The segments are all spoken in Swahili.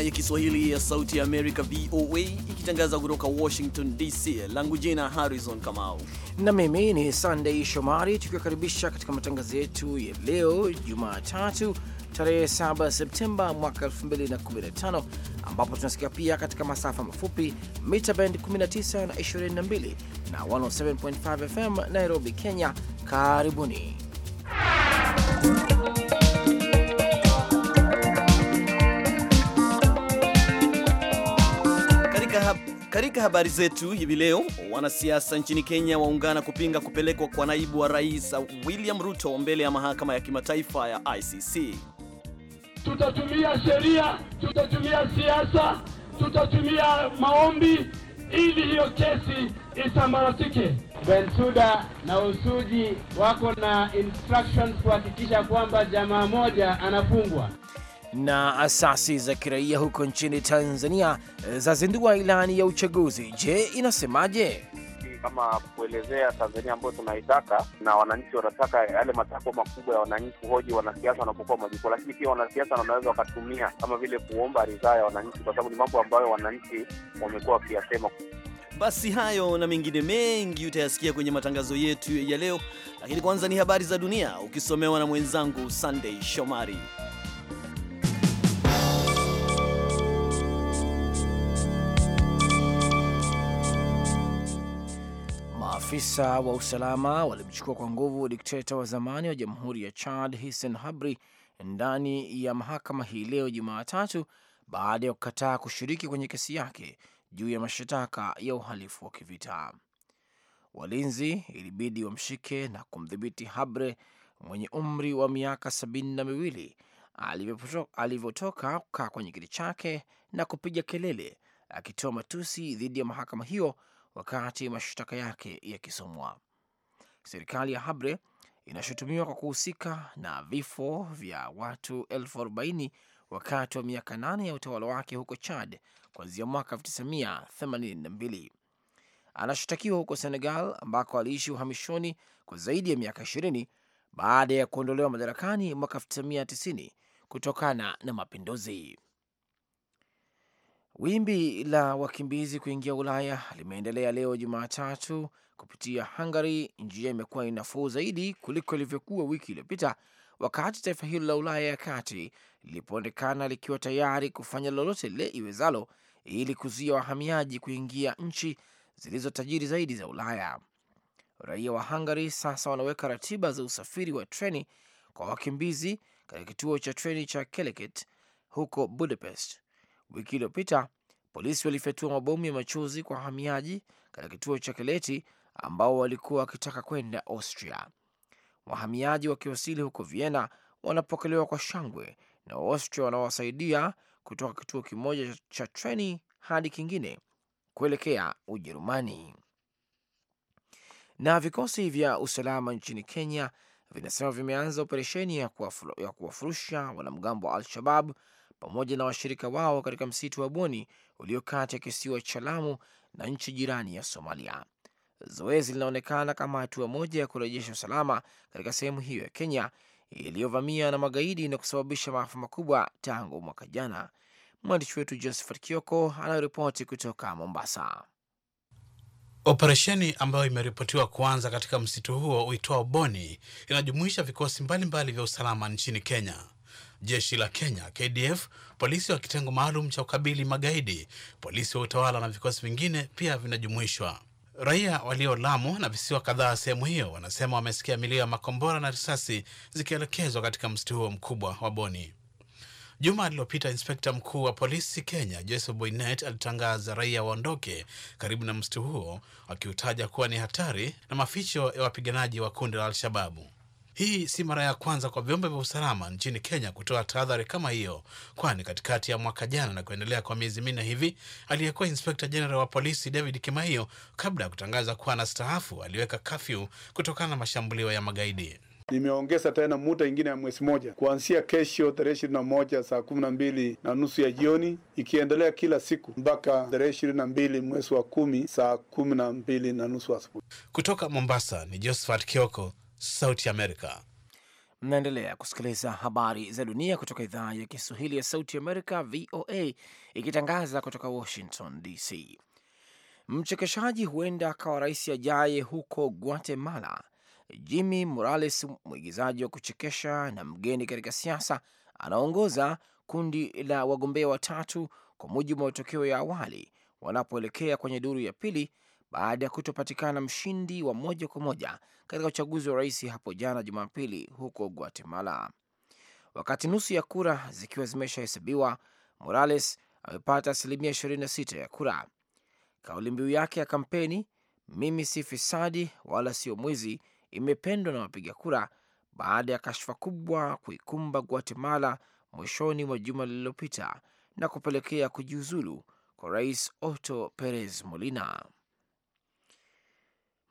idhaa ya Kiswahili ya Sauti ya Amerika, VOA, ikitangaza kutoka Washington DC. Langu jina Harrison Kamau na mimi ni Sandey Shomari, tukiwakaribisha katika matangazo yetu ya leo Jumatatu tarehe 7 Septemba mwaka 2015 ambapo tunasikia pia katika masafa mafupi mita bend 19 na 22 na 107.5 FM Nairobi, Kenya. Karibuni Katika habari zetu hivi leo, wanasiasa nchini Kenya waungana kupinga kupelekwa kwa naibu wa rais William Ruto mbele ya mahakama ya kimataifa ya ICC. Tutatumia sheria, tutatumia siasa, tutatumia maombi ili hiyo kesi isambaratike. bensuda na Usuji wako na instructions kuhakikisha kwamba jamaa moja anafungwa na asasi za kiraia huko nchini Tanzania eh, zazindua ilani ya uchaguzi. Je, inasemaje? Kama kuelezea Tanzania ambayo tunaitaka na wananchi wanataka yale matakwa makubwa ya wananchi, hoji wanasiasa wanapokuwa majuko, lakini pia wanasiasa wanaweza wakatumia kama vile kuomba ridhaa ya wananchi, kwa sababu ni mambo ambayo wananchi wamekuwa wakiyasema. Basi hayo na mengine mengi utayasikia kwenye matangazo yetu ya leo, lakini kwanza ni habari za dunia ukisomewa na mwenzangu Sunday Shomari. Maafisa wa usalama walimchukua kwa nguvu dikteta wa zamani wa jamhuri ya Chad Hissen Habri ndani ya mahakama hii leo Jumatatu baada ya kukataa kushiriki kwenye kesi yake juu ya mashtaka ya uhalifu wa kivita. Walinzi ilibidi wamshike na kumdhibiti Habre mwenye umri wa miaka sabini na miwili alivyotoka kukaa kwenye kiti chake na kupiga kelele akitoa matusi dhidi ya mahakama hiyo wakati mashtaka yake yakisomwa. Serikali ya Habre inashutumiwa kwa kuhusika na vifo vya watu elfu arobaini wakati wa miaka nane ya utawala wake huko Chad kuanzia mwaka 1982. Anashtakiwa huko Senegal ambako aliishi uhamishoni kwa zaidi ya miaka 20 baada ya kuondolewa madarakani mwaka 1990 kutokana na mapinduzi. Wimbi la wakimbizi kuingia Ulaya limeendelea leo Jumatatu kupitia Hungary. Njia imekuwa ni nafuu zaidi kuliko ilivyokuwa wiki iliyopita, wakati taifa hilo la Ulaya ya kati lilipoonekana likiwa tayari kufanya lolote lile iwezalo ili kuzuia wahamiaji kuingia nchi zilizo tajiri zaidi za Ulaya. Raia wa Hungary sasa wanaweka ratiba za usafiri wa treni kwa wakimbizi katika kituo cha treni cha Keleket huko Budapest Wiki iliyopita polisi walifyatua mabomu ya machozi kwa wahamiaji katika kituo cha Keleti ambao walikuwa wakitaka kwenda Austria. Wahamiaji wakiwasili huko Vienna wanapokelewa kwa shangwe na Waaustria wanaowasaidia kutoka kituo kimoja cha treni hadi kingine kuelekea Ujerumani. Na vikosi vya usalama nchini Kenya vinasema vimeanza operesheni ya kuwafurusha wanamgambo wa Al-Shabab pamoja na washirika wao katika msitu wa Boni ulio kati ya kisiwa cha Lamu na nchi jirani ya Somalia. Zoezi linaonekana kama hatua moja ya kurejesha usalama katika sehemu hiyo ya Kenya iliyovamia na magaidi na kusababisha maafa makubwa tangu mwaka jana. Mwandishi wetu Josephat Kioko anaripoti kutoka Mombasa. Operesheni ambayo imeripotiwa kuanza katika msitu huo uitwao Boni inajumuisha vikosi mbalimbali mbali vya usalama nchini Kenya jeshi la Kenya KDF, polisi wa kitengo maalum cha ukabili magaidi, polisi wa utawala na vikosi vingine pia vinajumuishwa. Raia walio Lamu na visiwa kadhaa sehemu hiyo wanasema wamesikia milio ya makombora na risasi zikielekezwa katika msitu huo mkubwa wa Boni. Juma alilopita inspekta mkuu wa polisi Kenya Joseph Boynet alitangaza raia waondoke karibu na msitu huo, wakiutaja kuwa ni hatari na maficho ya wapiganaji wa kundi la Alshababu. Hii si mara ya kwanza kwa vyombo vya usalama nchini Kenya kutoa tahadhari kama hiyo, kwani katikati ya mwaka jana na kuendelea kwa miezi minne hivi, aliyekuwa inspekta jeneral wa polisi David Kimahio, kabla ya kutangaza kuwa na staafu aliweka kafyu kutokana na mashambulio ya magaidi. Nimeongeza tena muda ingine ya mwezi moja kuanzia kesho tarehe ishirini na moja saa kumi na mbili na nusu ya jioni ikiendelea kila siku mpaka tarehe ishirini na mbili mwezi wa kumi saa kumi na mbili na nusu asubuhi. Kutoka Mombasa ni Josephat Kioko, Sauti Amerika. Mnaendelea kusikiliza habari za dunia kutoka idhaa ya Kiswahili ya Sauti Amerika, VOA, ikitangaza kutoka Washington DC. Mchekeshaji huenda akawa rais ajaye huko Guatemala. Jimmy Morales, mwigizaji wa kuchekesha na mgeni katika siasa, anaongoza kundi la wagombea watatu, kwa mujibu wa matokeo ya awali, wanapoelekea kwenye duru ya pili baada ya kutopatikana mshindi wa moja kwa moja katika uchaguzi wa rais hapo jana Jumapili huko Guatemala. Wakati nusu ya kura zikiwa zimeshahesabiwa, Morales amepata asilimia 26 ya kura. Kauli mbiu yake ya kampeni, mimi si fisadi wala sio mwizi, imependwa na wapiga kura baada ya kashfa kubwa kuikumba Guatemala mwishoni mwa juma lililopita na kupelekea kujiuzulu kwa rais Otto Perez Molina.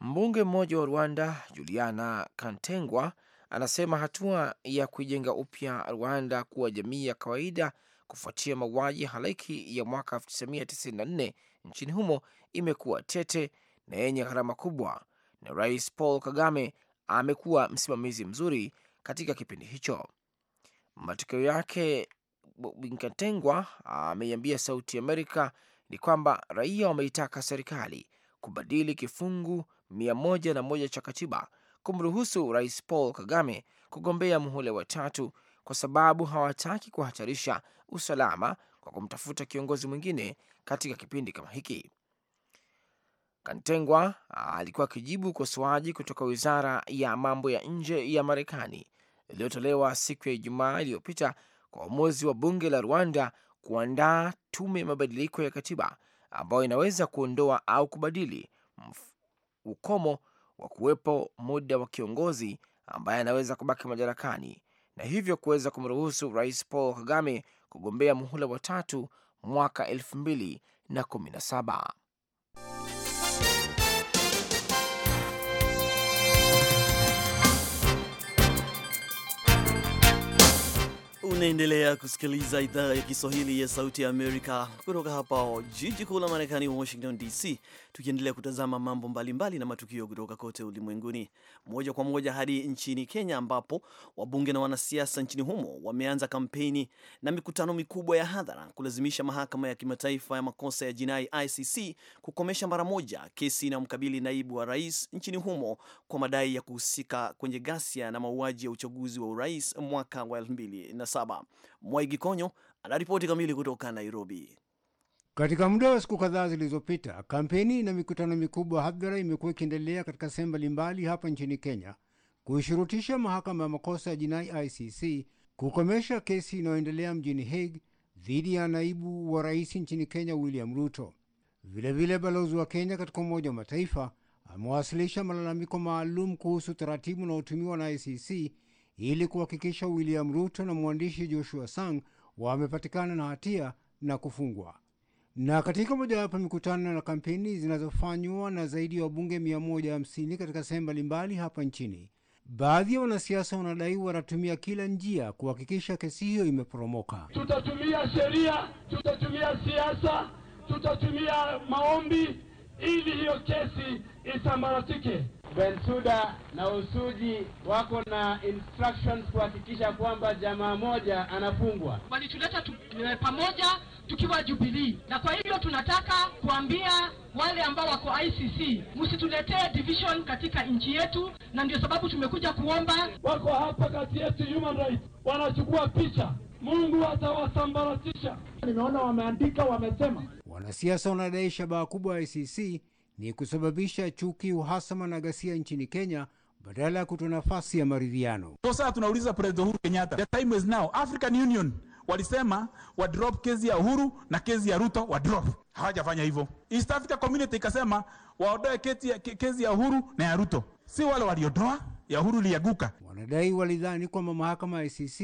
Mbunge mmoja wa Rwanda, Juliana Kantengwa, anasema hatua ya kuijenga upya Rwanda kuwa jamii ya kawaida kufuatia mauaji halaiki ya mwaka 1994 nchini humo imekuwa tete na yenye gharama kubwa, na Rais Paul Kagame amekuwa msimamizi mzuri katika kipindi hicho. Matokeo yake, Binkatengwa ameiambia Sauti Amerika ni kwamba raia wameitaka serikali kubadili kifungu 101 cha katiba kumruhusu Rais Paul Kagame kugombea muhula wa tatu kwa sababu hawataki kuhatarisha usalama kwa kumtafuta kiongozi mwingine katika kipindi kama hiki. Kantengwa alikuwa akijibu ukosoaji kutoka wizara ya mambo ya nje ya Marekani iliyotolewa siku ya Ijumaa iliyopita kwa uamuzi wa bunge la Rwanda kuandaa tume ya mabadiliko ya katiba ambayo inaweza kuondoa au kubadili ukomo wa kuwepo muda wa kiongozi ambaye anaweza kubaki madarakani na hivyo kuweza kumruhusu Rais Paul Kagame kugombea muhula wa tatu mwaka elfu mbili na kumi na saba. Mnaendelea kusikiliza idhaa ya Kiswahili ya Sauti ya Amerika kutoka hapa jiji kuu la Marekani, Washington DC, tukiendelea kutazama mambo mbalimbali mbali na matukio kutoka kote ulimwenguni, moja kwa moja hadi nchini Kenya, ambapo wabunge na wanasiasa nchini humo wameanza kampeni na mikutano mikubwa ya hadhara kulazimisha mahakama ya kimataifa ya makosa ya jinai ICC kukomesha mara moja kesi inayomkabili naibu wa rais nchini humo kwa madai ya kuhusika kwenye ghasia na mauaji ya uchaguzi wa urais mwaka wa 2007 saba. Mwaigi Konyo anaripoti kamili kutoka Nairobi. Katika muda wa siku kadhaa zilizopita, kampeni na mikutano mikubwa hadhara imekuwa ikiendelea katika sehemu mbalimbali hapa nchini Kenya kuishurutisha mahakama ya makosa ya jinai ICC kukomesha kesi inayoendelea mjini Hague dhidi ya naibu wa rais nchini Kenya William Ruto. Vilevile, balozi wa Kenya katika Umoja wa Mataifa amewasilisha malalamiko maalum kuhusu taratibu unaotumiwa na ICC ili kuhakikisha William Ruto na mwandishi Joshua Sang wamepatikana na hatia na kufungwa. Na katika mojawapo mikutano na kampeni zinazofanywa na zaidi ya wabunge 150 katika sehemu mbalimbali hapa nchini, baadhi ya wanasiasa wanadai wanatumia kila njia kuhakikisha kesi hiyo imeporomoka. Tutatumia sheria, tutatumia siasa, tutatumia maombi ili hiyo kesi isambaratike bensuda na Usuji wako na instructions kuhakikisha kwamba jamaa moja anafungwa. Walituleta tu, eh, pamoja tukiwa Jubilee, na kwa hivyo tunataka kuambia wale ambao wako ICC msituletee division katika nchi yetu, na ndio sababu tumekuja kuomba. Wako hapa kati yetu human rights, wanachukua picha. Mungu atawasambaratisha. Nimeona wameandika, wamesema Wanasiasa wanadai shabaha kubwa ya ICC ni kusababisha chuki, uhasama na ghasia nchini Kenya badala ya kutoa nafasi ya maridhiano. Sasa tunauliza President Uhuru Kenyatta, the time is now. African Union walisema wa drop kesi ya Uhuru na kesi ya Ruto wa drop, hawajafanya hivyo. East Africa Community ikasema waondoe kesi ya Uhuru na ya Ruto, si wale waliodoa ya Uhuru liaguka. Wanadai walidhani kwamba mahakama ya ICC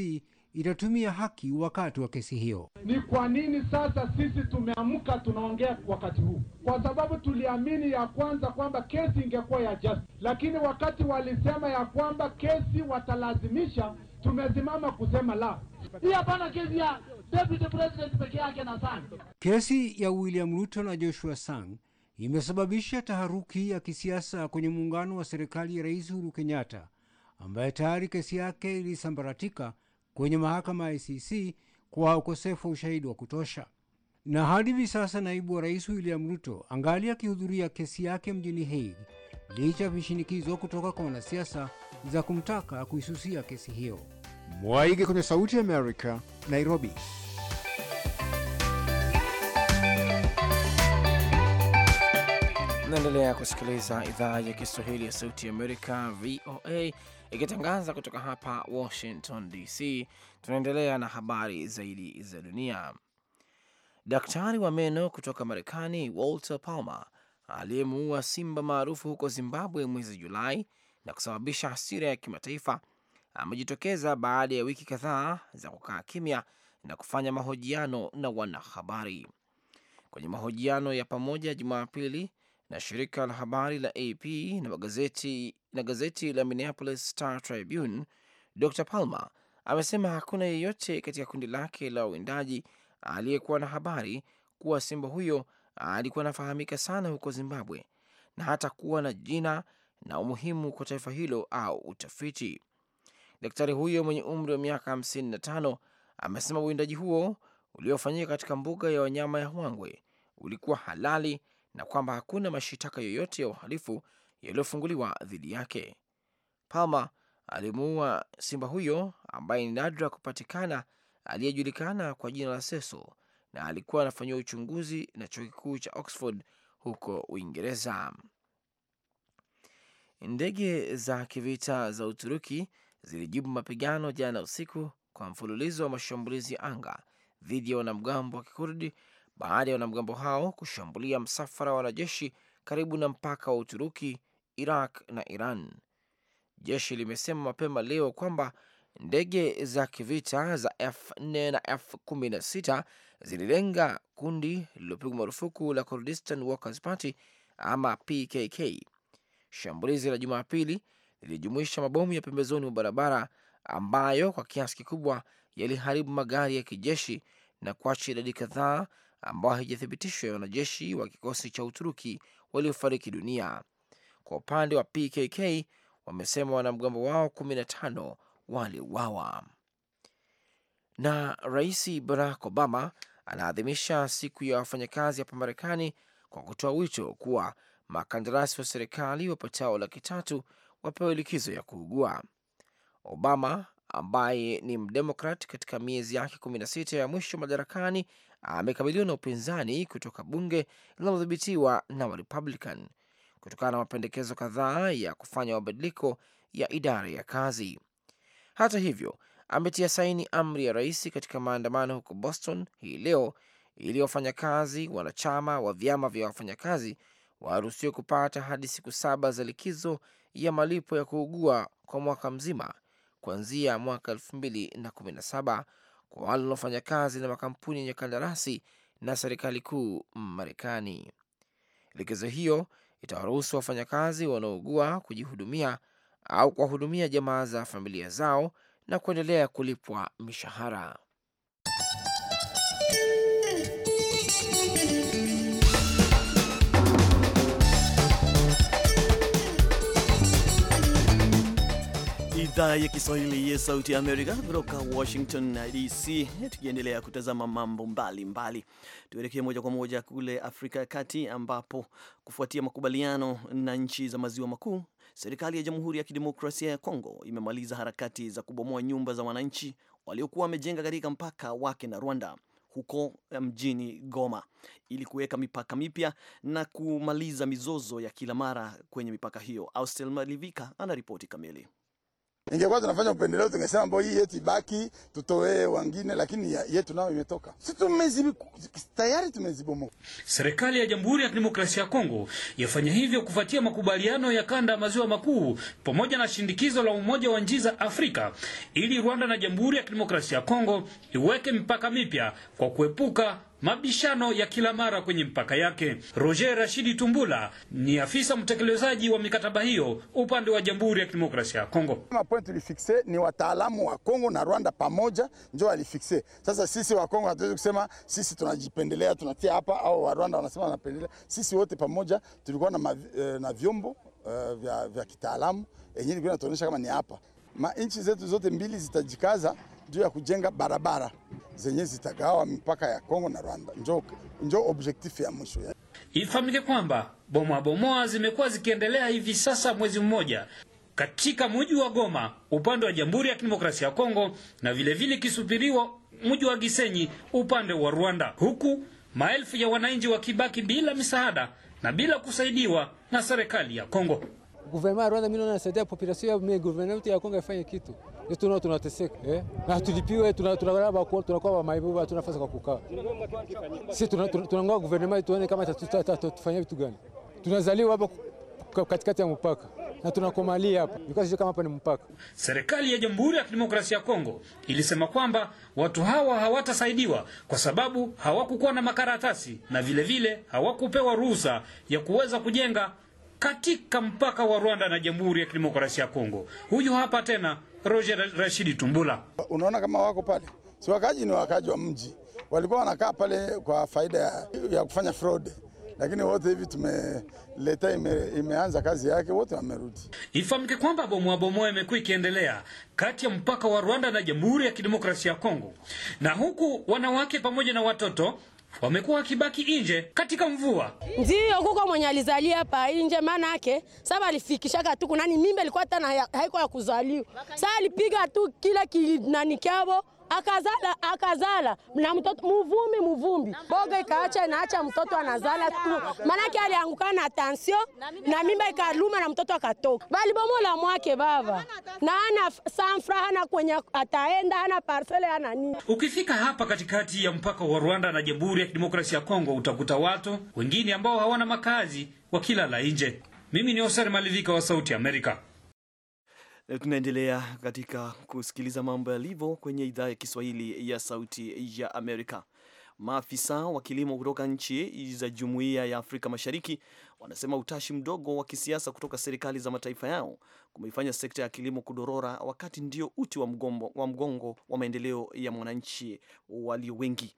itatumia haki wakati wa kesi hiyo. Ni kwa nini sasa sisi tumeamka tunaongea wakati huu? Kwa sababu tuliamini ya kwanza kwamba kesi ingekuwa ya just, lakini wakati walisema ya kwamba kesi watalazimisha, tumesimama kusema la. Hii hapana kesi ya deputy president peke yake na Sang. Kesi ya William Ruto na Joshua Sang imesababisha taharuki ya kisiasa kwenye muungano wa serikali ya Rais Uhuru Kenyatta ambaye tayari kesi yake ilisambaratika kwenye mahakama ya ICC kwa ukosefu wa ushahidi wa kutosha. Na hadi hivi sasa naibu wa rais William Ruto angali akihudhuria kesi yake mjini Hague licha ya vishinikizo kutoka kwa wanasiasa za kumtaka kuisusia kesi hiyo. Mwaige kwenye Sauti ya Amerika, Nairobi. Unaendelea kusikiliza idhaa ya Kiswahili ya Sauti ya Amerika, VOA, ikitangaza kutoka hapa Washington DC. Tunaendelea na habari zaidi za dunia. Daktari wa meno kutoka Marekani Walter Palmer aliyemuua simba maarufu huko Zimbabwe mwezi Julai na kusababisha hasira ya kimataifa amejitokeza baada ya wiki kadhaa za kukaa kimya na kufanya mahojiano na wanahabari. Kwenye mahojiano ya pamoja Jumapili, na shirika la habari la AP na magazeti, na gazeti la Minneapolis Star Tribune, Dr Palmer amesema hakuna yeyote katika kundi lake la uwindaji aliyekuwa na habari kuwa simba huyo alikuwa anafahamika sana huko Zimbabwe na hata kuwa na jina na umuhimu kwa taifa hilo au utafiti. Daktari huyo mwenye umri wa miaka 55 amesema uwindaji huo uliofanyika katika mbuga ya wanyama ya Hwangwe ulikuwa halali na kwamba hakuna mashitaka yoyote ya uhalifu yaliyofunguliwa dhidi yake. Palma alimuua simba huyo ambaye ni nadra kupatikana, aliyejulikana kwa jina la Cecil na alikuwa anafanyiwa uchunguzi na chuo kikuu cha Oxford huko Uingereza. Ndege za kivita za Uturuki zilijibu mapigano jana usiku kwa mfululizo wa mashambulizi ya anga dhidi ya wanamgambo wa Kikurdi baada ya wanamgambo hao kushambulia msafara wa wanajeshi karibu na mpaka wa Uturuki, Iraq na Iran. Jeshi limesema mapema leo kwamba ndege za kivita za F4 na F16 zililenga kundi lililopigwa marufuku la Kurdistan Workers Party ama PKK. Shambulizi la Jumapili lilijumuisha mabomu ya pembezoni mwa barabara ambayo kwa kiasi kikubwa yaliharibu magari ya kijeshi na kuacha idadi kadhaa ambayo haijathibitishwa ya wanajeshi wa kikosi cha Uturuki waliofariki dunia. Kwa upande wa PKK wamesema wanamgambo wao 15 waliuawa. Na Rais Barack Obama anaadhimisha siku ya wafanyakazi hapa Marekani kwa kutoa wito kuwa makandarasi wa serikali wapatao laki tatu wapewe likizo ya kuugua. Obama ambaye ni mdemokrat katika miezi yake 16 ya mwisho madarakani amekabiliwa na upinzani kutoka bunge linalodhibitiwa na Warepublican kutokana na mapendekezo kadhaa ya kufanya mabadiliko ya idara ya kazi. Hata hivyo, ametia saini amri ya rais katika maandamano huko Boston hii leo ili wafanyakazi wanachama wa vyama vya wafanyakazi waruhusiwe kupata hadi siku saba za likizo ya malipo ya kuugua kwa mwaka mzima kuanzia mwaka 2017 kwa wale wanaofanya kazi na makampuni yenye kandarasi na serikali kuu Marekani. Likizo hiyo itawaruhusu wafanyakazi wanaougua kujihudumia au kuwahudumia jamaa za familia zao na kuendelea kulipwa mishahara. idhaa ya Kiswahili ya Sauti ya Amerika kutoka Washington DC, tukiendelea kutazama mambo mbalimbali, tuelekee moja kwa moja kule Afrika ya Kati, ambapo kufuatia makubaliano na nchi za maziwa makuu, serikali ya Jamhuri ya Kidemokrasia ya Kongo imemaliza harakati za kubomoa nyumba za wananchi waliokuwa wamejenga katika mpaka wake na Rwanda huko eh, mjini Goma ili kuweka mipaka mipya na kumaliza mizozo ya kila mara kwenye mipaka hiyo. Austel Malivika ana ripoti kamili. Ingekuwa tunafanya upendeleo tungesema mbo hii yetu ibaki tutoe wengine, lakini yetu nao imetoka. Si tumezibu tayari, tumezibomoa. Serikali ya Jamhuri ya Kidemokrasia ya Kongo yafanya hivyo kufuatia makubaliano ya kanda ya maziwa makuu pamoja na shindikizo la Umoja wa Nchi za Afrika ili Rwanda na Jamhuri ya Kidemokrasia ya Kongo iweke mipaka mipya kwa kuepuka mabishano ya kila mara kwenye mpaka yake. Roger Rashidi Tumbula ni afisa mtekelezaji wa mikataba hiyo upande wa Jamhuri ya Kidemokrasia ya Kongo. Kama point tulifixe ni wataalamu wa Kongo na Rwanda pamoja ndio walifixe. Sasa sisi wa Kongo hatuwezi kusema sisi tunajipendelea tunatia hapa au wa Rwanda wanasema wanapendelea. Sisi wote pamoja tulikuwa na, mavi, eh, na vyombo uh, vya, vya kitaalamu yenyewe ilikuwa inatuonyesha kama ni hapa. Ma nchi zetu zote mbili zitajikaza juu ya kujenga barabara zenye zitagawa mipaka ya Kongo na Rwanda. Njo, njo objektifu ya mwisho. Ifahamike kwamba bomoa bomoa zimekuwa zikiendelea hivi sasa mwezi mmoja katika mji wa Goma upande wa Jamhuri ya Kidemokrasia ya Kongo na vilevile ikisubiriwa mji wa Gisenyi upande wa Rwanda, huku maelfu ya wananchi wakibaki bila misaada na bila kusaidiwa na serikali ya Kongo. Guvernema ya Rwanda mimi naona inasaidia population ya Kongo ifanye kitu sisi nao tunateseka eh? na hatulipiwe, eh, tunalala tunakuwa wamaibu, tuna nafasi kwa kukaa. Sisi tunangoa guvernema tuone kama tutafanya vitu gani. Tunazaliwa hapa katikati ya mpaka na tunakomalia hapa because kama hapa ni mpaka. Serikali ya Jamhuri ya Kidemokrasia ya Kongo ilisema kwamba watu hawa hawatasaidiwa kwa sababu hawakukuwa na makaratasi na vile vile hawakupewa ruhusa ya kuweza kujenga katika mpaka wa Rwanda na Jamhuri ya Kidemokrasia ya Kongo. Huyu hapa tena Roger Rashidi Tumbula. Unaona kama wako pale, si wakaji ni wakaji wa mji, walikuwa wanakaa pale kwa faida ya, ya kufanya fraud lakini wote hivi tumeleta ime, imeanza kazi yake, wote wamerudi. Ifahamike kwamba bomoa bomoa imekuwa ikiendelea kati ya mpaka wa Rwanda na Jamhuri ya Kidemokrasia ya Kongo, na huku wanawake pamoja na watoto wamekuwa wakibaki nje katika mvua. Ndio kuko mwenye alizalia hapa nje, maana yake sasa alifikishaka katuku nani mimba ilikuwa hata haiko ya kuzaliwa, sasa alipiga tu kila kinani kyavo akazala akazala na mtoto muvumi muvumbi boga ikaacha inaacha mtoto anazala tu, manake alianguka na tension na mimba ikaluma na mtoto akatoka, Bali balibomola mwake baba na ana sanfra, hana kwenye ataenda, hana parcele, hana nini. Ukifika hapa katikati ya mpaka wa Rwanda na Jamhuri ya Kidemokrasia ya Kongo utakuta watu wengine ambao hawana makazi wakila la nje. Mimi ni Osari Malivika wa Sauti Amerika. Tunaendelea katika kusikiliza mambo yalivyo kwenye idhaa ya Kiswahili ya Sauti ya Amerika. Maafisa wa kilimo kutoka nchi za Jumuiya ya Afrika Mashariki wanasema utashi mdogo wa kisiasa kutoka serikali za mataifa yao kumeifanya sekta ya kilimo kudorora, wakati ndio uti wa mgongo wa, wa maendeleo ya mwananchi walio wengi.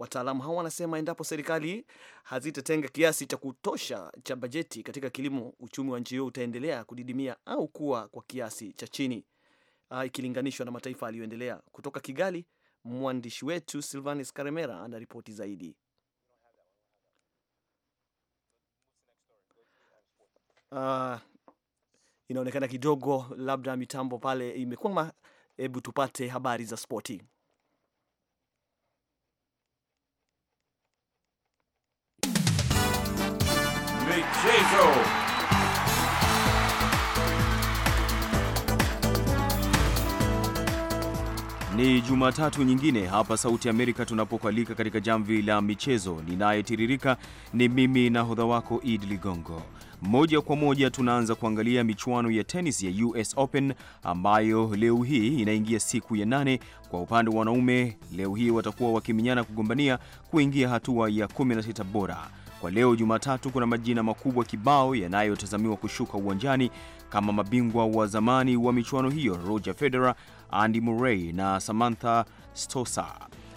Wataalamu hao wanasema endapo serikali hazitatenga kiasi cha kutosha cha bajeti katika kilimo, uchumi wa nchi hiyo utaendelea kudidimia au kuwa kwa kiasi cha chini uh, ikilinganishwa na mataifa yaliyoendelea. Kutoka Kigali, mwandishi wetu Silvanis Karemera ana ripoti zaidi. Uh, inaonekana kidogo labda mitambo pale imekwama. Hebu tupate habari za spoti. Show. Ni Jumatatu nyingine hapa Sauti Amerika tunapokualika katika jamvi la michezo. Ninayetiririka ni mimi nahodha wako Idi Ligongo. Moja kwa moja tunaanza kuangalia michuano ya tenis ya US Open ambayo leo hii inaingia siku ya nane. Kwa upande wa wanaume, leo hii watakuwa wakiminyana kugombania kuingia hatua ya 16 bora. Kwa leo Jumatatu, kuna majina makubwa kibao yanayotazamiwa kushuka uwanjani kama mabingwa wa zamani wa michuano hiyo, Roger Federer, Andy Murray na Samantha stosa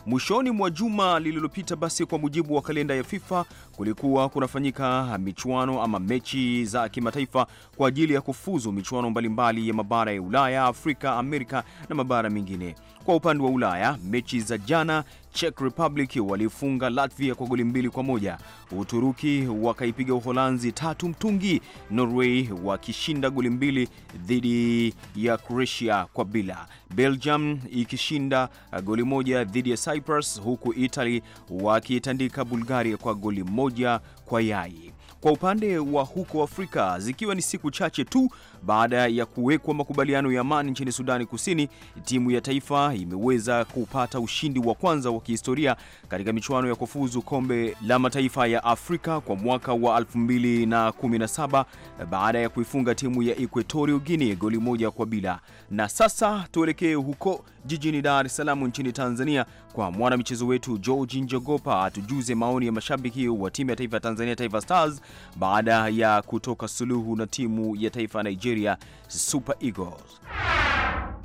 Mwishoni mwa juma lililopita, basi, kwa mujibu wa kalenda ya FIFA, kulikuwa kunafanyika michuano ama mechi za kimataifa kwa ajili ya kufuzu michuano mbalimbali ya mabara ya Ulaya, Afrika, Amerika na mabara mengine. Kwa upande wa Ulaya, mechi za jana Czech Republic walifunga Latvia kwa goli mbili kwa moja. Uturuki wakaipiga Uholanzi tatu mtungi. Norway wakishinda goli mbili dhidi ya Croatia kwa bila. Belgium ikishinda goli moja dhidi ya Cyprus, huku Italy wakitandika Bulgaria kwa goli moja kwa yai. Kwa upande wa huko Afrika, zikiwa ni siku chache tu baada ya kuwekwa makubaliano ya amani nchini Sudani Kusini, timu ya taifa imeweza kupata ushindi wa kwanza wa kihistoria katika michuano ya kufuzu kombe la mataifa ya Afrika kwa mwaka wa 2017 baada ya kuifunga timu ya Equatorial Guinea goli moja kwa bila. Na sasa tuelekee huko jijini Dar es Salaam nchini Tanzania kwa mwanamichezo wetu George Njogopa atujuze maoni ya mashabiki wa timu ya taifa ya Tanzania Taifa Stars baada ya kutoka suluhu na timu ya taifa ya Nigeria Nigeria Super Eagles.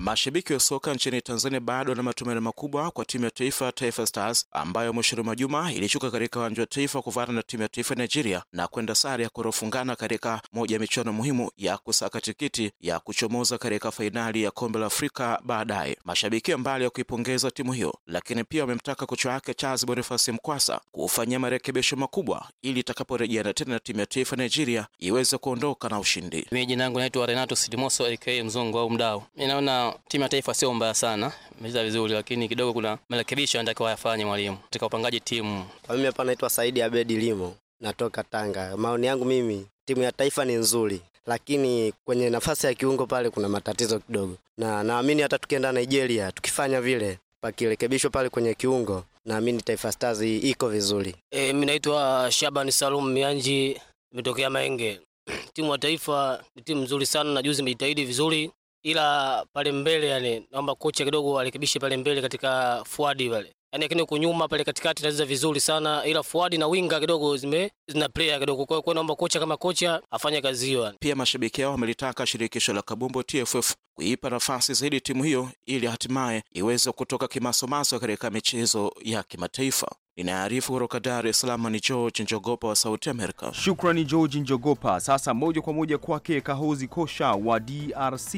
Mashabiki wa soka nchini Tanzania bado na matumaini makubwa kwa timu ya taifa Taifa Stars ambayo mwishoni mwa juma ilishuka katika uwanja wa taifa kuvana na timu ya taifa ya Nigeria na kwenda sare ya kurofungana katika moja ya michuano muhimu ya kusaka tikiti ya kuchomoza katika fainali ya kombe la Afrika baadaye. Mashabiki mbali ya kuipongeza timu hiyo, lakini pia wamemtaka kocha wake Charles Boniface Mkwasa kufanyia marekebisho makubwa ili itakaporejeana tena na timu ya taifa Nigeria iweze kuondoka na ushindi. Mimi jina langu naitwa Renato Sidimoso aka Mzungu au Mdau. Ninaona timu ya taifa sio mbaya sana, imecheza vizuri, lakini kidogo kuna marekebisho anatakiwa yafanye mwalimu katika upangaji timu. Kwa mimi hapa naitwa Saidi Abedi Limo, natoka Tanga. Maoni yangu mimi, timu ya taifa ni nzuri, lakini kwenye nafasi ya kiungo pale kuna matatizo kidogo, na naamini hata tukienda Nigeria tukifanya vile pakirekebishwa pale kwenye kiungo, naamini Taifa Stars iko vizuri. E, eh, mi naitwa Shaban Salum Mianji, imetokea Maenge. Timu ya taifa ni timu nzuri sana na juzi imejitahidi vizuri, ila pale mbele yani naomba kocha kidogo arekebishe pale mbele katika fuadi pale yani, lakini huku nyuma pale katikati nacheza vizuri sana, ila fuadi na winga kidogo zime zina player kidogo. Kwa hiyo naomba kocha kama kocha afanye kazi hiyo. Yaani. Pia mashabiki hao wamelitaka shirikisho la kabumbo TFF kuipa nafasi zaidi timu hiyo ili hatimaye iweze kutoka kimasomaso katika michezo ya kimataifa. Inaarifu kutoka Dar es Salaam ni George Njogopa wa Sauti Amerika. Shukrani George Njogopa. Sasa moja kwa moja kwake Kahozi Kosha wa DRC.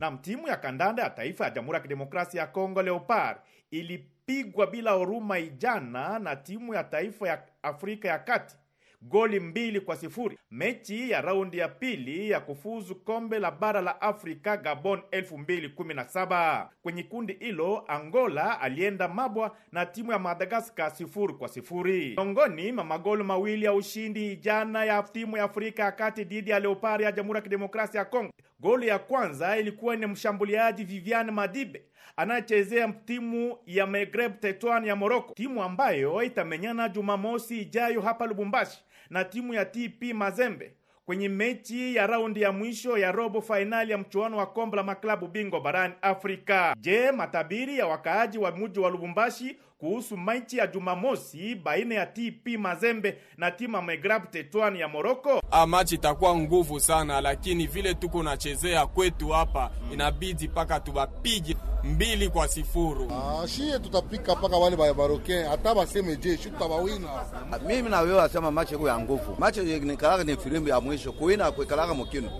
Nam, timu ya kandanda ya taifa ya Jamhuri ya Kidemokrasia ya Kongo Leopard ilipigwa bila huruma ijana na timu ya taifa ya Afrika ya Kati goli mbili kwa sifuri mechi ya raundi ya pili ya kufuzu kombe la bara la Afrika Gabon 2017. Kwenye kundi hilo Angola alienda mabwa na timu ya Madagaskar sifuri kwa sifuri. Miongoni mwa magoli mawili ya ushindi jana ya timu ya Afrika ya Kati dhidi ya leopari ya Jamhuri ya Kidemokrasia ya Kongo, Goli ya kwanza ilikuwa ni mshambuliaji Vivian Madibe anayechezea timu ya Maghreb Tetuan ya moroko timu ambayo itamenyana Jumamosi ijayo hapa Lubumbashi na timu ya TP Mazembe kwenye mechi ya raundi ya mwisho ya robo fainali ya mchuano wa kombe la maklabu bingwa barani Afrika. Je, matabiri ya wakaaji wa muji wa Lubumbashi kuhusu mechi ya Jumamosi baina ya TP Mazembe na timu ya Megrab Tetouan ya Moroko. Ah, machi itakuwa nguvu sana, lakini vile tuko nachezea kwetu hapa mm. inabidi mpaka tubapige mbili kwa sifuru. Ah, shie tutapika mpaka wale wa Marocain hata baseme je, shie tutabawina. Ah, mimi na wewe nasema machi ya nguvu, machi ni kalaka ni filimbi ya mwisho kuina kwekalaka mukino,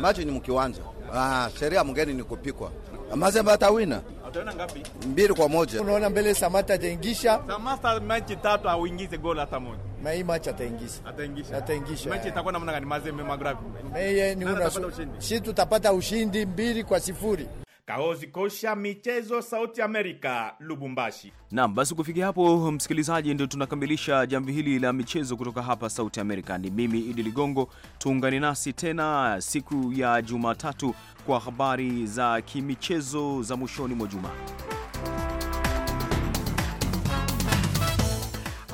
machi ni mkiwanja. Ah, sheria mgeni ni kupikwa ah, Mazembe atawina utaona ngapi? Mbili kwa moja. Unaona mbele Samata ataingisha. Samata mechi tatu auingize goal hata moja. Mei hii ataingisha. Ataingisha. Ataingisha. Mechi itakuwa namna gani? Mazembe magrafi. Mei eh, ni una. Sisi tutapata ushindi mbili kwa sifuri. Kaozi Kosha, michezo, Sauti Amerika, Lubumbashi. Naam, basi kufikia hapo msikilizaji, ndio tunakamilisha jamvi hili la michezo kutoka hapa Sauti Amerika. Ni mimi Idi Ligongo, tuungane nasi tena siku ya Jumatatu kwa habari za kimichezo za mwishoni mwa juma.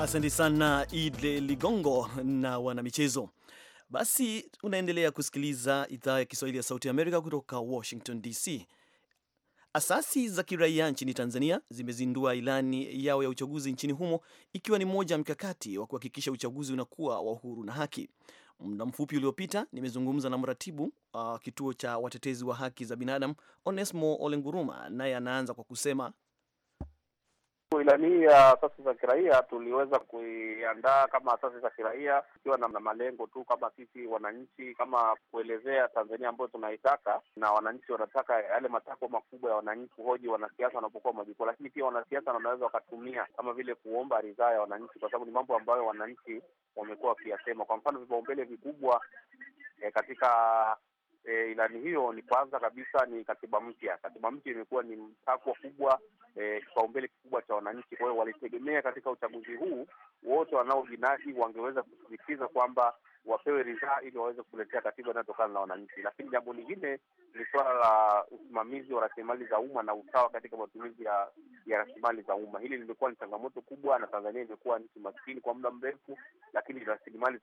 Asante sana Idle Ligongo na wanamichezo. Basi unaendelea kusikiliza idhaa ya Kiswahili ya Sauti ya Amerika kutoka Washington DC. Asasi za kiraia nchini Tanzania zimezindua ilani yao ya uchaguzi nchini humo ikiwa ni moja ya mkakati wa kuhakikisha uchaguzi unakuwa wa uhuru na haki. Muda mfupi uliopita nimezungumza na mratibu wa uh, kituo cha watetezi wa haki za binadamu Onesmo Olenguruma, naye anaanza kwa kusema ilani hii ya asasi za kiraia tuliweza kuiandaa kama asasi za kiraia ikiwa na malengo tu kama sisi wananchi, kama kuelezea Tanzania ambayo tunaitaka, na wananchi wanataka yale matakwa makubwa ya wananchi, kuhoji wanasiasa wanapokuwa majukwaa, lakini pia wanasiasa wanaweza wakatumia kama vile kuomba ridhaa ya wananchi, kwa sababu ni mambo ambayo wananchi wamekuwa wakiyasema. Kwa mfano, vipaumbele vikubwa eh, katika e, ilani hiyo ni kwanza kabisa ni katiba mpya. Katiba mpya imekuwa ni mtakwa kubwa e, kipaumbele kikubwa cha wananchi. Kwa hiyo walitegemea katika uchaguzi huu wote wanaojinadi wangeweza kusisitiza kwamba wapewe ridhaa ili waweze kuletea katiba inayotokana na wananchi. Lakini jambo lingine ni suala la usimamizi wa rasilimali za umma na usawa katika matumizi ya ya rasilimali za umma. Hili limekuwa ni changamoto kubwa, na Tanzania imekuwa nchi maskini kwa muda mrefu, lakini rasilimali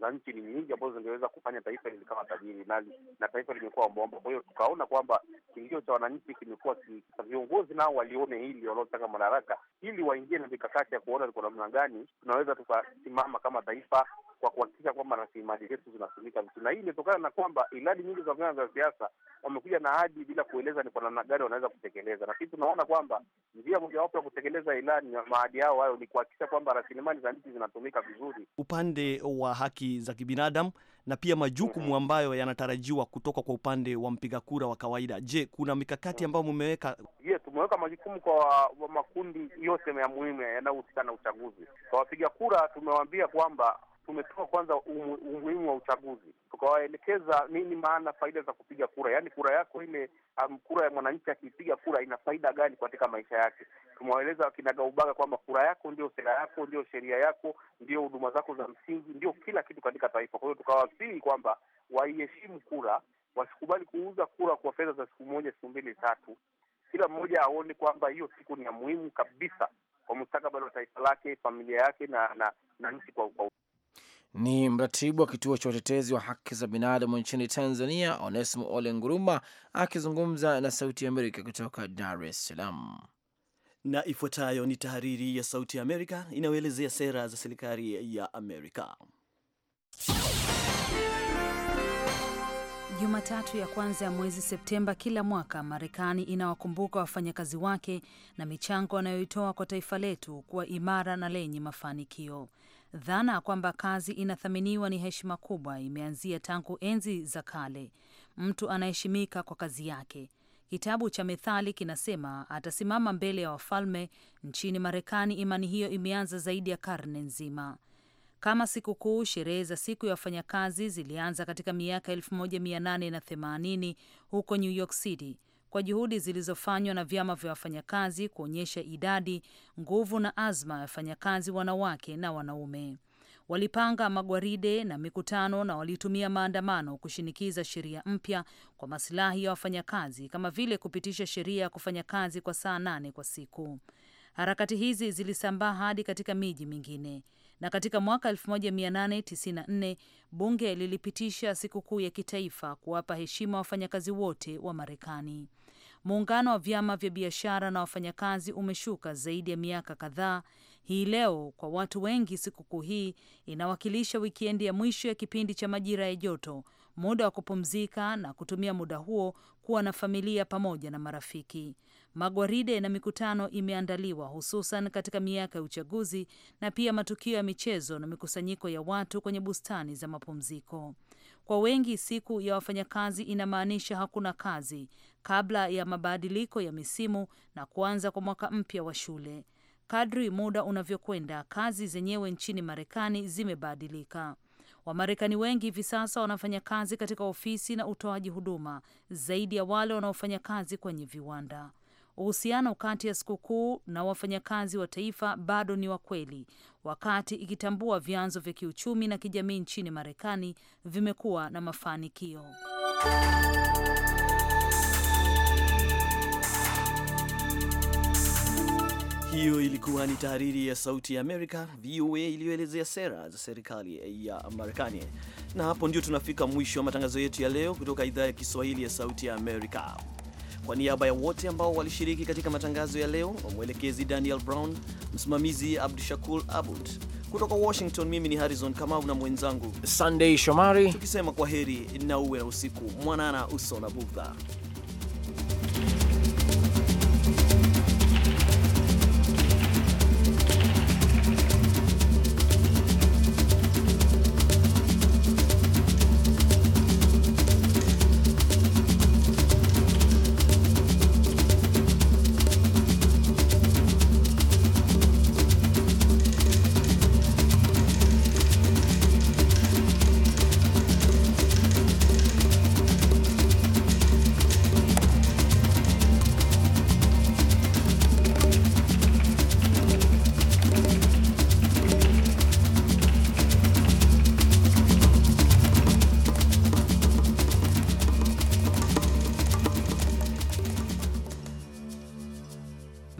za nchi ni nyingi ambazo zingeweza kufanya taifa hili kama tajiri na, na taifa limekuwa ombaomba. Kwa hiyo tukaona kwamba kilio cha wananchi kimekuwa viongozi nao walione hili, wanaotaka madaraka, ili waingie na mikakati ya kuona kwa namna gani tunaweza tukasimama kama taifa kwa kuhakikisha kwamba rasilimali zetu zinatumika vizuri, na hii imetokana na kwamba ilani nyingi za vyama vya siasa wamekuja na ahadi bila kueleza ni kwa namna gani wanaweza kutekeleza, na sisi tunaona kwamba njia mojawapo ya kutekeleza ilani na maadi yao hayo ni kuhakikisha kwamba rasilimali za nchi zinatumika vizuri, upande wa haki za kibinadamu na pia majukumu mm -hmm. ambayo yanatarajiwa kutoka kwa upande wa mpiga kura wa kawaida. Je, kuna mikakati ambayo mmeweka? Je, tumeweka majukumu kwa makundi yote ya muhimu yanayohusika na uchaguzi. Kwa wapiga kura tumewaambia kwamba tumetoa kwanza umuhimu wa uchaguzi, tukawaelekeza nini maana faida za kupiga kura, yaani kura yako ile, um, kura ya mwananchi akiipiga kura ina faida gani katika maisha yake. Tumewaeleza kinagaubaga kwamba kura yako ndio sera yako, ndio sheria yako, ndio huduma zako za msingi, ndio kila kitu katika taifa. Kwa hiyo tukawasihi kwamba waiheshimu kura, wasikubali kuuza kura kwa fedha za siku moja, siku mbili, tatu. Kila mmoja aone kwamba hiyo siku ni ya muhimu kabisa kwa mustakabali wa taifa lake, familia yake na na, na nchi kwa ni mratibu wa kituo cha utetezi wa haki za binadamu nchini Tanzania, Onesmo Ole Nguruma, akizungumza na Sauti ya Amerika kutoka Dar es Salaam. Na ifuatayo ni tahariri ya Sauti ya Amerika inayoelezea sera za serikali ya Amerika. Jumatatu ya kwanza ya mwezi Septemba kila mwaka Marekani inawakumbuka wafanyakazi wake na michango wanayoitoa kwa taifa letu kuwa imara na lenye mafanikio. Dhana ya kwamba kazi inathaminiwa ni heshima kubwa imeanzia tangu enzi za kale. Mtu anaheshimika kwa kazi yake. Kitabu cha Methali kinasema atasimama mbele ya wafalme. Nchini Marekani, imani hiyo imeanza zaidi ya karne nzima kama sikukuu. Sherehe za siku ya wafanyakazi zilianza katika miaka 1880 huko New York City kwa juhudi zilizofanywa na vyama vya wafanyakazi kuonyesha idadi, nguvu na azma ya wafanyakazi wanawake na wanaume. Walipanga magwaride na mikutano na walitumia maandamano kushinikiza sheria mpya kwa masilahi ya wafanyakazi kama vile kupitisha sheria ya kufanya kazi kwa saa nane kwa siku. Harakati hizi zilisambaa hadi katika miji mingine na katika mwaka 1894 bunge lilipitisha sikukuu ya kitaifa kuwapa heshima wafanyakazi wote wa Marekani. Muungano wa vyama vya biashara na wafanyakazi umeshuka zaidi ya miaka kadhaa. Hii leo kwa watu wengi, sikukuu hii inawakilisha wikendi ya mwisho ya kipindi cha majira ya joto, muda wa kupumzika na kutumia muda huo kuwa na familia pamoja na marafiki. Magwaride na mikutano imeandaliwa hususan katika miaka ya uchaguzi na pia matukio ya michezo na mikusanyiko ya watu kwenye bustani za mapumziko. Kwa wengi, siku ya wafanyakazi inamaanisha hakuna kazi kabla ya mabadiliko ya misimu na kuanza kwa mwaka mpya wa shule. Kadri muda unavyokwenda, kazi zenyewe nchini Marekani zimebadilika. Wamarekani wengi hivi sasa wanafanya kazi katika ofisi na utoaji huduma zaidi ya wale wanaofanya kazi kwenye viwanda uhusiano kati ya sikukuu na wafanyakazi wa taifa bado ni wa kweli, wakati ikitambua vyanzo vya kiuchumi na kijamii nchini Marekani vimekuwa na mafanikio. Hiyo ilikuwa ni tahariri ya Sauti ya Amerika, VOA, iliyoelezea sera za serikali ya Marekani. Na hapo ndio tunafika mwisho wa matangazo yetu ya leo kutoka idhaa ya Kiswahili ya Sauti ya Amerika. Kwa niaba ya wote ambao walishiriki katika matangazo ya leo, mwelekezi Daniel Brown, msimamizi Abdushakur Abud kutoka Washington, mimi ni Harrison Kamau na mwenzangu Sunday Shomari, tukisema kwa heri na uwe na usiku mwanana, uso na budha.